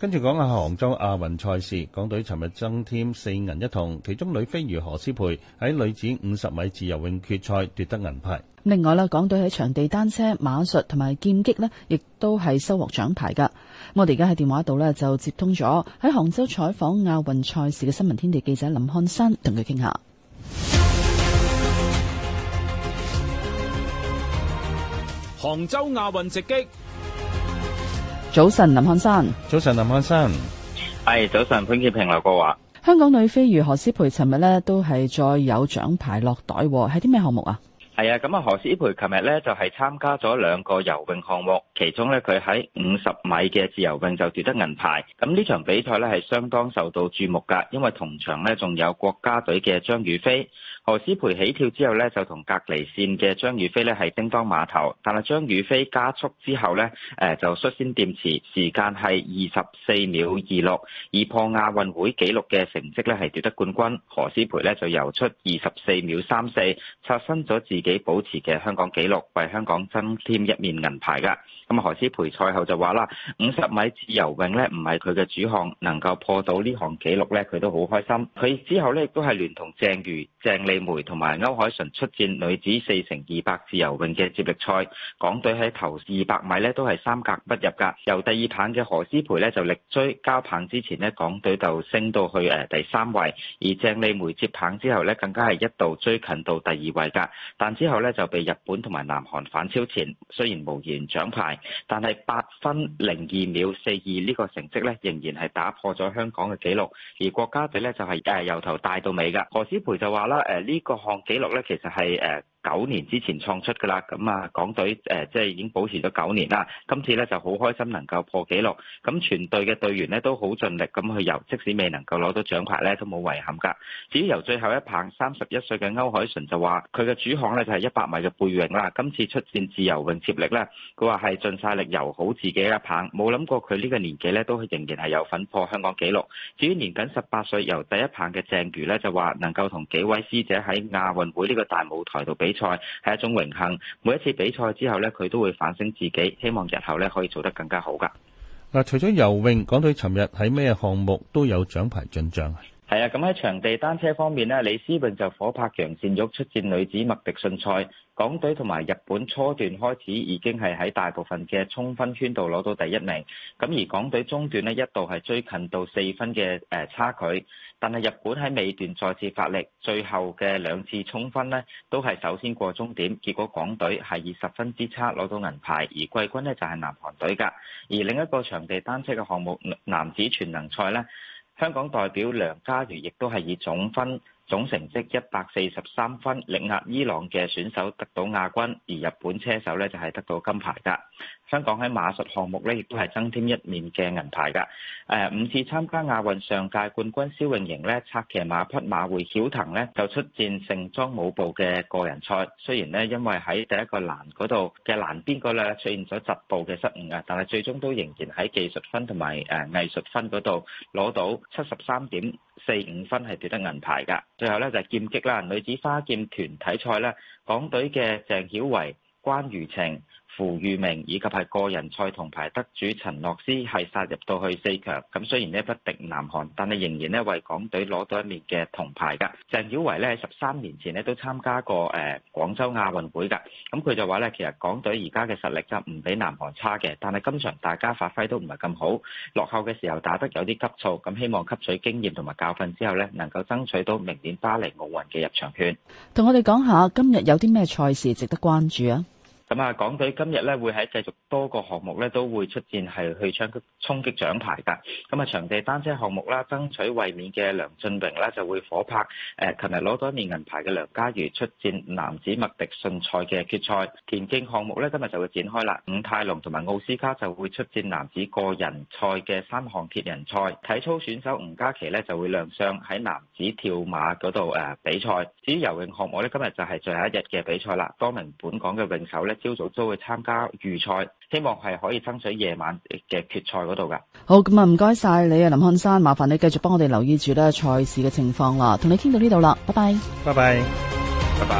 跟住講下杭州亞運賽事，港隊尋日增添四銀一銅，其中女飛魚何詩蓓喺女子五十米自由泳決賽奪得銀牌。另外咧，港隊喺場地單車、馬術同埋劍擊咧，亦都係收穫獎牌噶。我哋而家喺電話度咧就接通咗喺杭州採訪亞運賽事嘅新聞天地記者林漢山，同佢傾下。杭州亞運直擊。早晨，林漢山。早晨，林漢山。係，早晨潘潔平、劉國華。香港女飛魚何詩蓓，尋日咧都係再有獎牌落袋，係啲咩項目啊？係啊，咁啊何詩蓓琴日咧就係參加咗兩個游泳項目，其中咧佢喺五十米嘅自由泳就奪得銀牌。咁呢場比賽咧係相當受到注目噶，因為同場咧仲有國家隊嘅張雨霏。何詩蓓起跳之後咧就同隔籬線嘅張雨霏咧係叮噹馬頭，但係張雨霏加速之後咧，誒就率先掂池，時間係二十四秒二六，以破亞運會紀錄嘅成績咧係奪得冠軍。何詩蓓咧就游出二十四秒三四，刷新咗自己。保持嘅香港紀錄，為香港增添一面銀牌噶。咁何詩蓓賽後就話啦：五十米自由泳呢唔係佢嘅主項，能夠破到呢項紀錄呢，佢都好開心。佢之後呢亦都係聯同鄭如、鄭莉梅同埋歐鎧淳出戰女子四乘二百自由泳嘅接力賽，港隊喺頭二百米呢都係三甲不入噶。由第二棒嘅何詩蓓呢就力追，交棒之前呢港隊就升到去誒第三位，而鄭莉梅接棒之後呢更加係一度追近到第二位噶，但之後呢就被日本同埋南韓反超前，雖然無緣獎牌。但係八分零二秒四二呢個成績咧，仍然係打破咗香港嘅紀錄，而國家隊咧就係、是、誒由頭帶到尾噶。何詩蓓就話啦，誒、呃、呢、這個項紀錄咧其實係誒。呃九年之前創出嘅啦，咁啊港隊誒、呃、即係已經保持咗九年啦。今次呢就好開心能夠破紀錄，咁全隊嘅隊員呢都好盡力咁去遊，即使未能夠攞到獎牌呢都冇遺憾㗎。至於由最後一棒三十一歲嘅歐鎧淳就話，佢嘅主項呢就係一百米嘅背泳啦。今次出戰自由泳接力呢，佢話係盡晒力遊好自己一棒，冇諗過佢呢個年紀呢都仍然係有份破香港紀錄。至於年僅十八歲由第一棒嘅鄭如呢，就話，能夠同幾位師姐喺亞運會呢個大舞台度比。比賽係一種榮幸，每一次比賽之後咧，佢都會反省自己，希望日後咧可以做得更加好噶。嗱，除咗游泳，港隊尋日喺咩項目都有獎牌進賬啊？係啊，咁喺場地單車方面呢，李思穎就夥拍楊倩玉出戰女子麥迪遜賽，港隊同埋日本初段開始已經係喺大部分嘅衝分圈度攞到第一名，咁而港隊中段呢，一度係追近到四分嘅誒差距，但係日本喺尾段再次發力，最後嘅兩次衝分呢都係首先過終點，結果港隊係以十分之差攞到銀牌，而季軍呢就係南韓隊㗎，而另一個場地單車嘅項目男子全能賽呢。香港代表梁家如亦都係以總分，總成績一百四十三分，力壓伊朗嘅選手得到亞軍，而日本車手呢，就係得到金牌㗎。香港喺馬術項目呢，亦都係增添一面嘅銀牌㗎。誒，五次參加亞運上屆冠軍蕭泳盈呢，策騎馬匹馬會曉騰呢，就出戰盛裝舞步嘅個人賽，雖然呢，因為喺第一個欄嗰度嘅欄邊個咧出現咗疾步嘅失誤啊，但係最終都仍然喺技術分同埋誒藝術分嗰度攞到七十三點四五分係奪得銀牌噶，最後咧就係劍擊啦。女子花劍團體賽啦，港隊嘅鄭曉維、關如晴、傅玉明以及係個人賽銅牌得主陳諾斯係殺入到去四強，咁雖然呢不敵南韓，但係仍然呢為港隊攞到一面嘅銅牌噶。鄭曉維呢喺十三年前呢都參加過誒廣州亞運會噶，咁佢就話呢，其實港隊而家嘅實力就唔比南韓差嘅，但係今場大家發揮都唔係咁好，落後嘅時候打得有啲急躁，咁希望吸取經驗同埋教訓之後呢，能夠爭取到明年巴黎奧運嘅入場券。同我哋講下今日有啲咩賽事值得關注啊？咁啊，港隊今日咧會喺繼續多個項目咧都會出戰係去衝擊衝擊獎牌噶。咁啊，場地單車項目啦，爭取衛冕嘅梁峻榮咧就會夥拍誒，琴日攞到一面銀牌嘅梁家瑜出戰男子麥迪遜賽嘅決賽。田徑項目咧今日就會展開啦。伍泰龍同埋奧斯卡就會出戰男子個人賽嘅三項鐵人賽，體操選手吳家琪咧就會亮相喺男子跳馬嗰度誒比賽。至於游泳項目咧，今日就係最後一日嘅比賽啦。多名本港嘅泳手咧。朝早都會參加預賽，希望係可以爭取夜晚嘅決賽度噶。好，咁啊，唔該晒你啊，林漢山，麻煩你繼續幫我哋留意住咧賽事嘅情況啦。同你傾到呢度啦，拜拜，拜拜，拜拜。